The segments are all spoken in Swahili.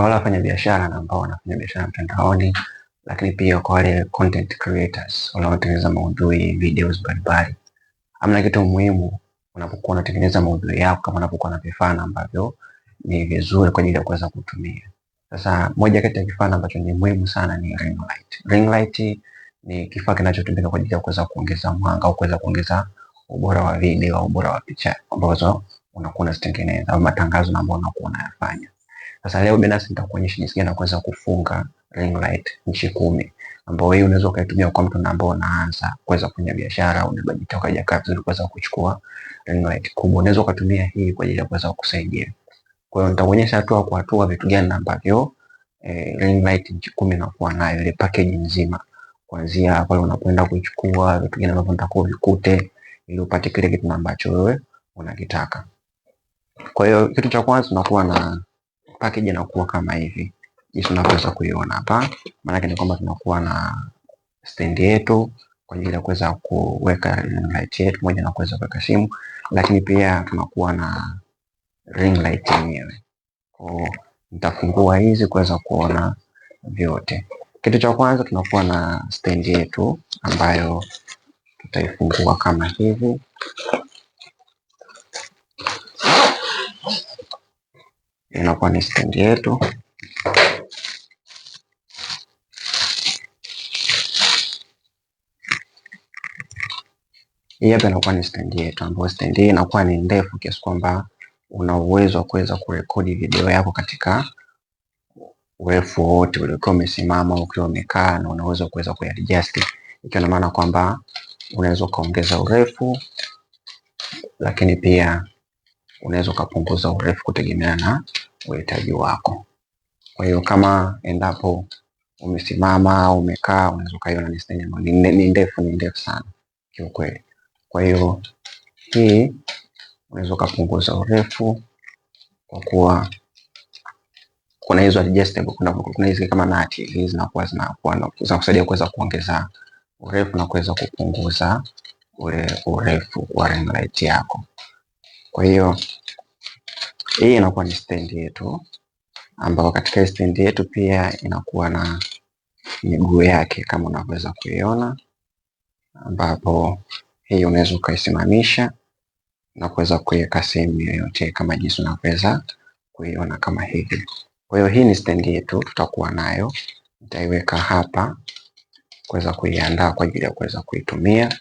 kwa wale wafanya biashara na ambao wanafanya biashara mtandaoni, lakini pia kwa wale content creators wanaotengeneza maudhui videos mbalimbali. Amna kitu muhimu unapokuwa unatengeneza maudhui yako kama unapokuwa na vifaa ambavyo ni vizuri kwa ajili ya kuweza kutumia. Sasa moja kati ya kifaa ambacho ni muhimu sana ni ring light. Ring light ni kifaa kinachotumika kwa ajili ya kuweza kuongeza mwanga au kuweza kuongeza ubora wa video au ubora wa picha ambazo unakuwa unazitengeneza au matangazo ambayo unakuwa unayafanya. Sasa leo binafsi nitakuonyesha jinsi gani unaweza kufunga ring light nchi kumi ambayo wewe unaweza ukaitumia kwa mtu ambao unaanza kuweza kufanya biashara au unabajeti ukajakaa vizuri kuweza kuchukua ring light kubwa. Unaweza ukatumia hii kwa ajili ya kuweza kukusaidia. Kwa hiyo nitakuonyesha hatua kwa hatua vitu gani ambavyo eh, ring light nchi kumi nakuwa nayo ile package nzima kuanzia pale unapoenda kuichukua, vitu gani ambavyo nitakuwa vikute ili upate kile kitu ambacho wewe unakitaka. Kwa hiyo kitu cha kwanza tunakuwa na package inakuwa kama hivi jinsi unavyoweza kuiona hapa. Maana yake ni kwamba tunakuwa na stand yetu kwa ajili ya kuweza kuweka ring light yetu moja na kuweza kuweka simu, lakini pia tunakuwa na ring light yenyewe. Kwa nitafungua hizi kuweza kuona vyote. Kitu cha kwanza tunakuwa na stendi yetu ambayo tutaifungua kama hivi itakuwa ni stendi yetu. Hii hapa inakuwa ni stendi yetu, ambayo stendi hii inakuwa ni ndefu kiasi kwamba una uwezo wa kuweza kurekodi video yako katika urefu wowote uliokuwa umesimama, ukiwa umekaa, na wa kuweza kuadjust, ikiwa na maana kwamba unaweza ukaongeza urefu, lakini pia unaweza ukapunguza urefu kutegemeana na uhitaji wako. Kwa hiyo kama endapo umesimama au umekaa, unaweza ukaiona mistari ambayo ni ndefu, ni ndefu sana kiukweli. Kwa hiyo hii unaweza ukapunguza urefu kwa kuwa kuna hizo adjustable, kuna kuna hizi kama nati hizi zinakuwa zinakuwa zinakusaidia kuweza kuongeza urefu na kuweza kupunguza ule urefu wa ring light yako. Kwa hiyo hii inakuwa ni stendi yetu, ambayo katika stendi yetu pia inakuwa na miguu yake kama unavyoweza kuiona, ambapo hii unaweza ukaisimamisha na kuweza kuiweka sehemu yoyote kama jinsi unavyoweza kuiona kama hivi. Kwa hiyo hii ni stendi yetu, tutakuwa nayo, nitaiweka hapa kuweza kuiandaa kwa ajili ya kuweza kuitumia.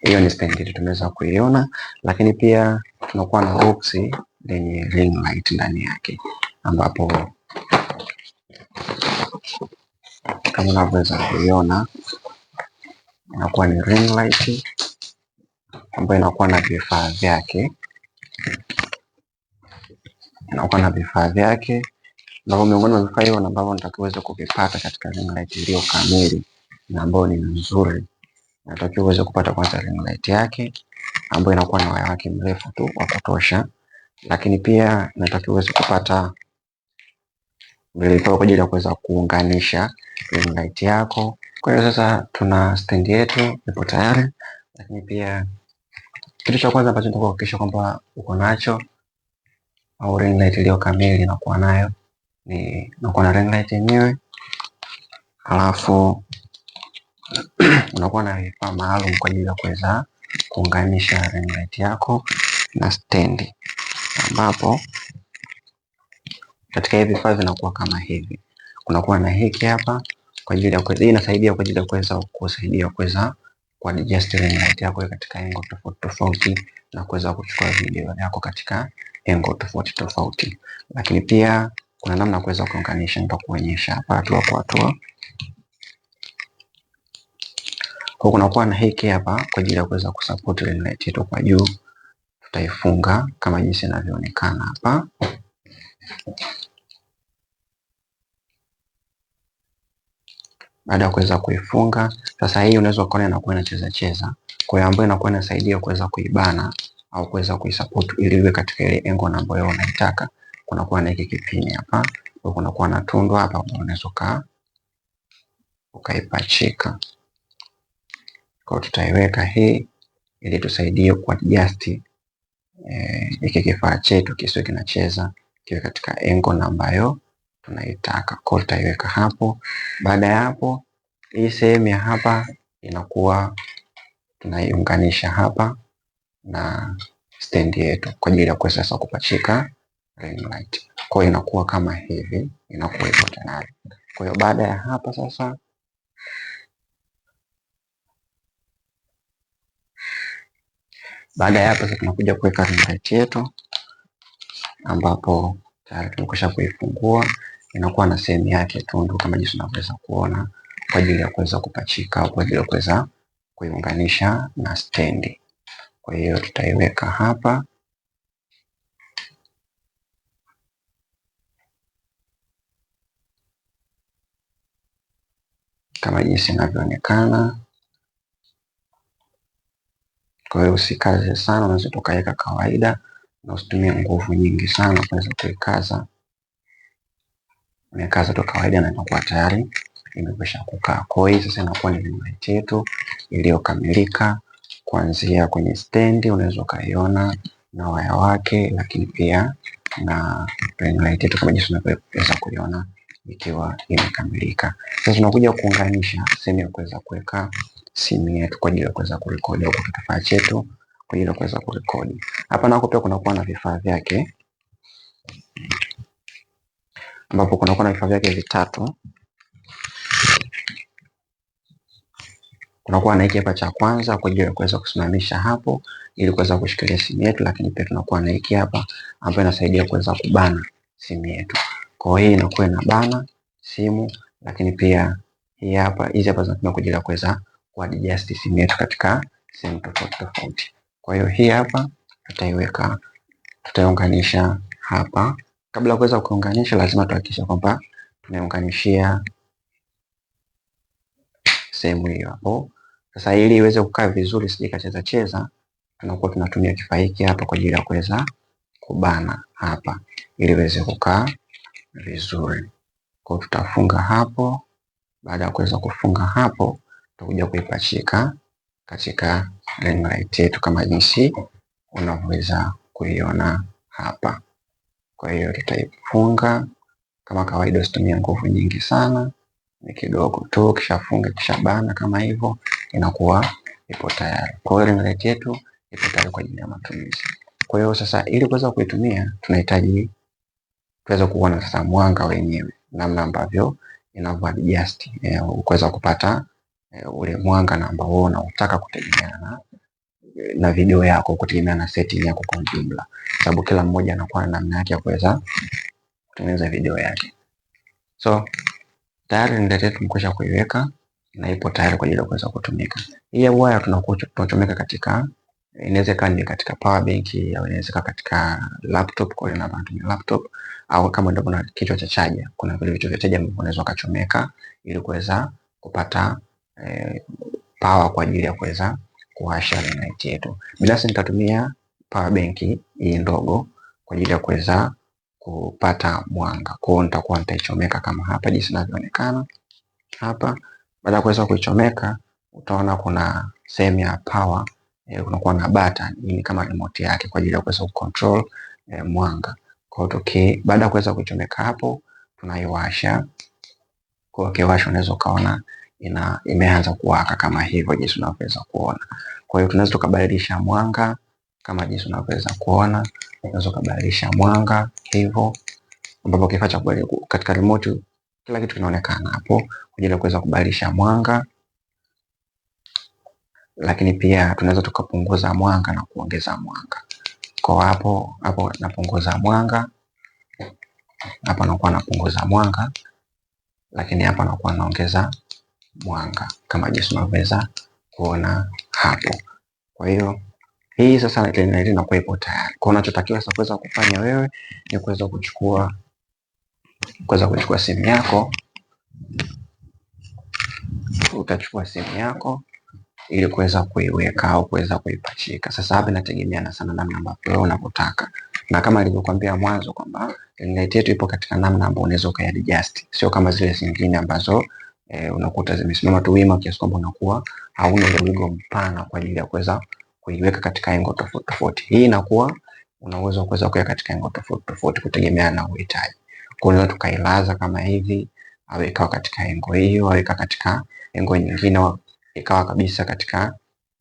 hiyo ni stand yetu tumeweza kuiona, lakini pia tunakuwa na box lenye ring light ndani yake, ambapo kama unavyoweza kuiona inakuwa ni ring light ambayo inakuwa na vifaa vyake, inakuwa na vifaa vyake ambavyo miongoni mwa vifaa hivyo ambavyo nitakiweza kuvipata katika ring light iliyo kamili na ambayo ni nzuri. Natakiwa uweze kupata kwanza ring light yake ambayo inakuwa na waya wake mrefu tu wa kutosha, lakini pia natakiwa uweze kupata vile kwa ajili ya kuweza kuunganisha ring light yako. Kwa hiyo sasa tuna stand yetu ipo tayari, lakini pia kitu cha kwanza ambacho kuhakikisha kwamba uko nacho au ring light iliyo kamili inakuwa nayo ni nakuwa na ring light yenyewe, alafu unakuwa na vifaa maalum kwa ajili ya kuweza kuunganisha ring light yako na stendi, ambapo katika hivi vifaa vinakuwa kama hivi. Kunakuwa na hiki hapa kwa ajili ya kuweza, hii inasaidia kwa ajili ya kuweza kusaidia kuweza kuadjust ring light yako katika engo tofauti tofauti na kuweza kuchukua video yako katika engo tofauti tofauti, lakini pia kuna namna kuweza kuunganisha, nitakuonyesha hapa hatua kwa hatua. Kwa kunakuwa na hiki hapa kwa ajili ya kuweza kusupport ile light yetu kwa juu, tutaifunga kama jinsi inavyoonekana hapa. Baada ya kuweza kuifunga sasa, hii unaweza ukaona inakuwa inacheza cheza, kwa hiyo ambayo inakuwa inasaidia kuweza kuibana au kuweza kuisupport ili iwe katika ile engo na ambayo unaitaka. Kunakuwa na hiki kipini hapa, kunakuwa na tundu hapa, unaweza ukaipachika. Kwa tutaiweka hii ili tusaidie ku adjust eh, hiki e, kifaa chetu kisiwe kinacheza, kiwe katika engo na ambayo tunaitaka. Kwa tutaiweka hapo. Baada ya hapo, hii sehemu ya hapa inakuwa tunaiunganisha hapa na stand yetu kwa ajili ya kuweza sasa kupachika ring light. Kwa inakuwa kama hivi, inakuwa ipo tayari. Kwa hiyo baada ya hapa sasa Baada ya hapo sasa tunakuja kuweka ringrate yetu, ambapo tayari tumekwisha kuifungua. Inakuwa na sehemu yake tundu kama jinsi unavyoweza kuona, kwa ajili ya kuweza kupachika au kwa ajili ya kuweza kuiunganisha na stendi. Kwa hiyo tutaiweka hapa kama jinsi inavyoonekana. Kwa hiyo usikaze sana, unaweza tukaweka kawaida na usitumie nguvu nyingi sana kuweza kuikaza. Umekaza tu kawaida na inakuwa tayari imekwisha kukaa. Kwa hiyo sasa inakuwa ni limit yetu iliyokamilika kuanzia kwenye stendi unaweza ukaiona na waya wake, lakini pia na ring light yetu kama jinsi unavyoweza kuiona ikiwa imekamilika. Sasa tunakuja kuunganisha sehemu ya kuweza kuweka simu yetu kwa ajili ya kuweza kurekodi au kwa kifaa chetu kwa ajili ya kuweza kurekodi. Hapa nako pia kunakuwa na vifaa vyake ambapo kunakuwa na vifaa vyake vitatu. Kunakuwa na hiki hapa cha kwanza kwa ajili ya kuweza kusimamisha hapo ili kuweza kushikilia simu yetu, lakini pia tunakuwa na hiki hapa ambayo inasaidia kuweza kubana simu yetu. Kwa hiyo inakuwa inabana simu, lakini pia hii hapa hizi hapa zinatumika kwa ajili ya kuweza word digest simu yetu katika sehemu tofauti tofauti. Kwa hiyo hii hapa tutaiweka, tutaiunganisha hapa. Kabla ya kuweza kuunganisha, lazima tuhakikisha kwamba tumeunganishia sehemu hiyo hapo. Sasa ili iweze kukaa vizuri, sije kacheza cheza, tunakuwa tunatumia kifaa hiki hapa kwa ajili ya kuweza kubana hapa ili iweze kukaa vizuri. Kwa tutafunga hapo. Baada ya kuweza kufunga hapo, utakuja kuipachika katika Greenlight yetu kama jinsi unaweza kuiona hapa. Kwa hiyo tutaifunga kama kawaida, usitumie nguvu nyingi sana, ni kidogo tu, kishafunga kishabana kama hivyo, inakuwa ipo tayari. Kwa hiyo Greenlight yetu ipo tayari kwa ajili ya matumizi. Kwa hiyo sasa, ili kuweza kuitumia, tunahitaji tuweze kuona sasa mwanga wenyewe namna ambavyo inavyo inavyoadjust eh, kuweza kupata Eh, ule mwanga na ambao wewe unataka kutegemeana na eh, na video yako kutegemea na setting yako kwa jumla, sababu kila mmoja anakuwa na namna yake ya kuweza kutengeneza video yake. So tayari ndio tumekwisha kuiweka na ipo tayari kwa ajili ya kuweza kutumika. Hii ya waya tunachomeka katika, eh, inawezekana ni katika power bank au inawezekana katika laptop, kwa hiyo natumia laptop au kama ndio kuna kichwa cha chaja, kuna vile vitu vya chaja ambavyo unaweza kuchomeka ili kuweza kupata eh, power kwa ajili ya kuweza kuwasha light yetu. Binafsi nitatumia power bank hii ndogo kwa ajili ya kuweza kupata mwanga. Kwa hiyo nitakuwa nitaichomeka kama hapa jinsi inavyoonekana hapa. Baada ya kuweza kuichomeka, utaona kuna sehemu ya power eh, kunakuwa na button ni kama remote yake kwa ajili ya kuweza kucontrol eh, mwanga. Kwa hiyo okay, baada ya kuweza kuichomeka hapo tunaiwasha. Kwa hiyo ukiwasha unaweza ukaona ina imeanza kuwaka kama hivyo, jinsi unavyoweza kuona. Kwa hiyo tunaweza tukabadilisha mwanga kama jinsi unavyoweza kuona, unaweza kubadilisha mwanga hivyo, ambapo kifaa cha katika remote kila kitu kinaonekana hapo kwa ajili ya kuweza kubadilisha mwanga, lakini pia tunaweza tukapunguza mwanga na kuongeza mwanga. Kwa hapo hapo napunguza mwanga, hapa nakuwa napunguza mwanga, lakini hapa nakuwa naongeza mwanga kama jinsi unavyoweza kuona hapo. Kwa hiyo hii sasa inakuwa ipo tayari. Kwa unachotakiwa sasa kuweza kufanya wewe ni kuweza kuchukua kuweza kuchukua simu yako, utachukua simu yako ili kuweza kuiweka au kuweza kuipachika. Sasa hapa inategemeana sana namna ambavyo wewe unapotaka, na kama nilivyokuambia mwanzo kwamba internet yetu ipo katika namna ambayo unaweza ukaadjust, sio kama zile zingine ambazo e, unakuta zimesimama tu wima kiasi kwamba unakuwa hauna ule wigo mpana kwa ajili ya kuweza kuiweka katika engo tofauti tofauti. Hii inakuwa una uwezo wa kuweza kuweka katika engo tofauti tofauti kutegemeana na uhitaji. Kwa hiyo tukailaza kama hivi, au ikawa katika engo hiyo, au ikawa katika engo nyingine, ikawa kabisa katika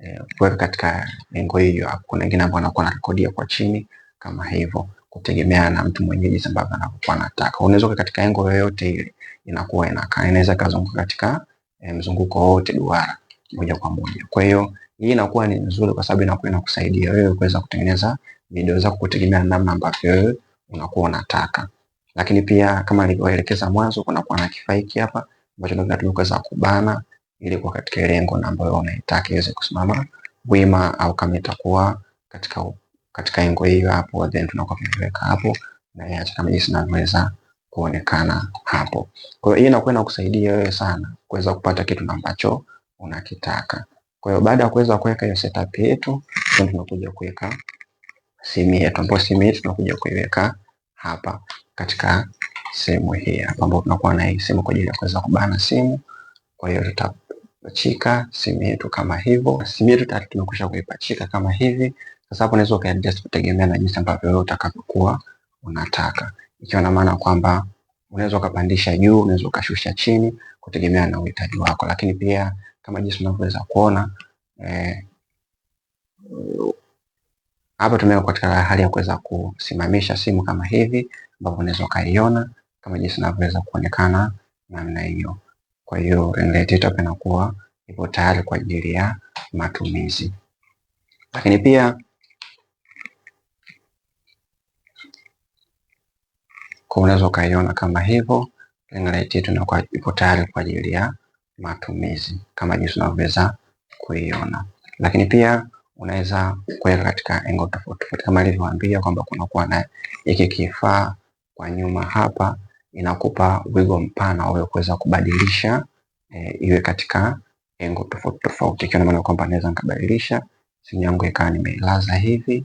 e, kuweka katika engo hiyo. Kuna wengine ambao wanakuwa wanarekodia kwa chini kama hivyo, kutegemeana na mtu mwenyeji sababu anakuwa anataka. Unaweza kuweka katika engo yoyote ile inakuwa inakaa, inaweza kazunguka katika e, mzunguko wote duara moja kwa moja. Kwa hiyo hii inakuwa ni nzuri kwa sababu inakuwa inakusaidia wewe kuweza kutengeneza video zako kutegemea namna ambavyo wewe unakuwa unataka. Lakini pia kama nilivyoelekeza mwanzo, kuna kuwa na kifaa hiki hapa ambacho ndio kinatumika kuweza kubana ili kwa katika lengo na ambayo unaitaka iweze kusimama wima, au kama itakuwa katika katika lengo hiyo hapo, then tunakuwa tunaweka hapo na acha kama jinsi ninavyoweza kuonekana hapo. Kwa hiyo hii inakuwa kusaidia wewe sana kuweza kupata kitu ambacho unakitaka. Kwa hiyo baada ya kuweza kuweka hiyo setup yetu, tunakuja kuweka simu yetu, ambapo simu yetu tunakuja kuiweka hapa katika sehemu hii hapa, ambapo tunakuwa na hii simu kwa ajili ya kuweza kubana simu. Kwa hiyo tutapachika simu yetu kama hivyo. Simu yetu tayari tumekwisha kuipachika kama hivi. Sasa hapo unaweza ukaendelea kutegemea na jinsi ambavyo wewe utakavyokuwa unataka ikiwa na maana kwamba unaweza ukapandisha juu, unaweza ukashusha chini kutegemea na uhitaji wako. Lakini pia kama jinsi unavyoweza kuona eh, hapa tumeweka katika hali ya kuweza kusimamisha simu kama hivi ambapo unaweza ukaiona kama jinsi inavyoweza kuonekana namna hiyo. Kwa hiyo Renegade inakuwa ipo tayari kwa ajili ya matumizi, lakini pia Kwa unaweza ukaiona kama hivyo. Cleanlight yetu inakuwa ipo tayari kwa ajili ya matumizi kama jinsi unavyoweza kuiona, lakini pia unaweza kuweka katika engo tofauti tofauti kama ilivyowaambia kwamba kunakuwa na hiki kifaa kwa nyuma hapa, inakupa wigo mpana wa kuweza kubadilisha e, iwe katika engo tofauti tofauti, ikiwa na maana kwamba naweza nikabadilisha simu yangu ikawa nimeilaza hivi,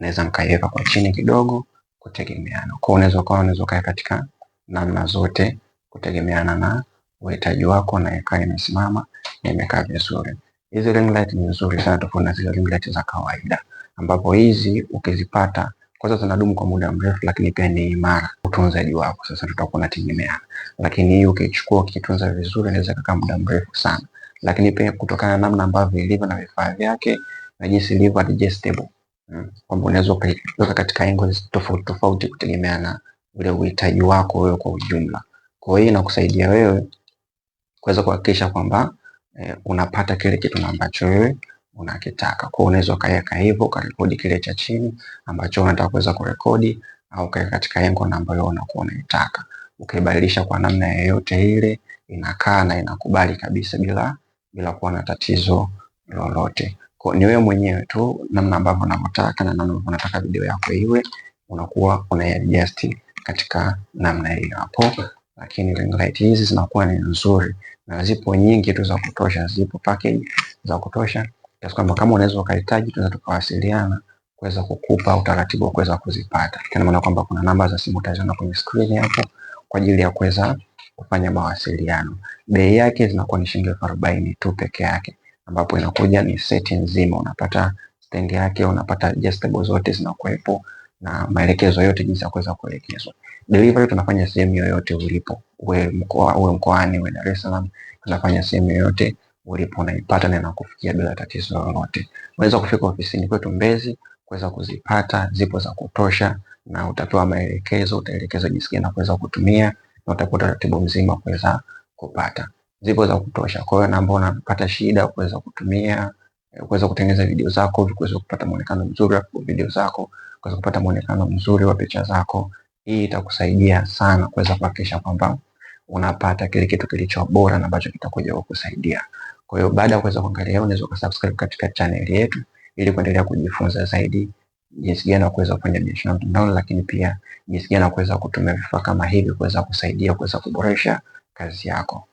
naweza nikaiweka kwa chini kidogo kutegemeana. Kwa unaweza ukawa unaweza kaa katika namna zote kutegemeana na uhitaji wako na ikawa imesimama na imekaa vizuri. Hizi ring light ni nzuri sana tofauti na zile ring light za kawaida ambapo hizi ukizipata kwanza zinadumu kwa muda mrefu, lakini pia ni imara utunzaji wako. Sasa tutakuwa tunategemeana, lakini hii ukichukua ukitunza vizuri inaweza kukaa muda mrefu sana, lakini pia kutokana na namna ambavyo ilivyo na vifaa vyake na jinsi ilivyo adjustable kwamba unaweza ukaiweka katika angles tofauti tofauti kutegemea na ule uhitaji wako wewe kwa ujumla. Kwa hiyo inakusaidia wewe kuweza kuhakikisha kwamba e, unapata kile kitu ambacho wewe unakitaka. Kwa hiyo unaweza ukaweka hivyo ukarekodi kile cha chini ambacho unataka kuweza kurekodi au ukaweka katika engo ambayo unakuwa unaitaka, Ukibadilisha kwa namna yoyote ile, inakaa na inakubali kabisa bila bila kuwa na tatizo lolote. Kwa ni wewe mwenyewe tu, namna ambavyo unavyotaka na namna ambavyo unataka video yako iwe, unakuwa una adjust katika namna hiyo hapo. Lakini ring light hizi zinakuwa ni nzuri na zipo nyingi tu za kutosha, zipo package za kutosha kiasi kwamba kama unaweza ukahitaji, tunaweza tukawasiliana kuweza kukupa utaratibu wa kuweza kuzipata. Ina maana kwamba kuna namba za simu utaziona kwenye screen hapo kwa ajili ya kuweza kufanya mawasiliano. Bei yake zinakuwa ni shilingi elfu arobaini tu peke yake ambapo inakuja ni seti nzima, unapata stand yake, unapata adjustable zote zinakuwepo na maelekezo yote jinsi ya kuweza kuelekezwa. Delivery tunafanya sehemu yoyote ulipo, uwe mkoa uwe mkoani uwe Dar es Salaam, tunafanya sehemu yoyote ulipo, unaipata na inakufikia bila tatizo lolote. Unaweza kufika ofisini kwetu Mbezi kuweza kuzipata, zipo za kutosha, na utapewa maelekezo, utaelekezwa jinsi gani kuweza kutumia na utakuwa utaratibu mzima kuweza kupata zipo za kutosha. Kwa hiyo na ambao unapata shida kuweza kutumia kuweza kutengeneza video zako, kuweza kupata muonekano mzuri wa video zako, kuweza kupata muonekano mzuri wa picha zako, hii itakusaidia sana kuweza kuhakikisha kwamba unapata kile kitu kilicho bora na ambacho kitakuja kukusaidia. Kwa hiyo baada ya kuweza kuangalia, unaweza kusubscribe katika channel yetu ili kuendelea kujifunza zaidi jinsi gani kuweza kufanya biashara mtandaoni, lakini pia jinsi gani kuweza kutumia vifaa kama hivi kuweza kusaidia kuweza kuboresha kazi yako.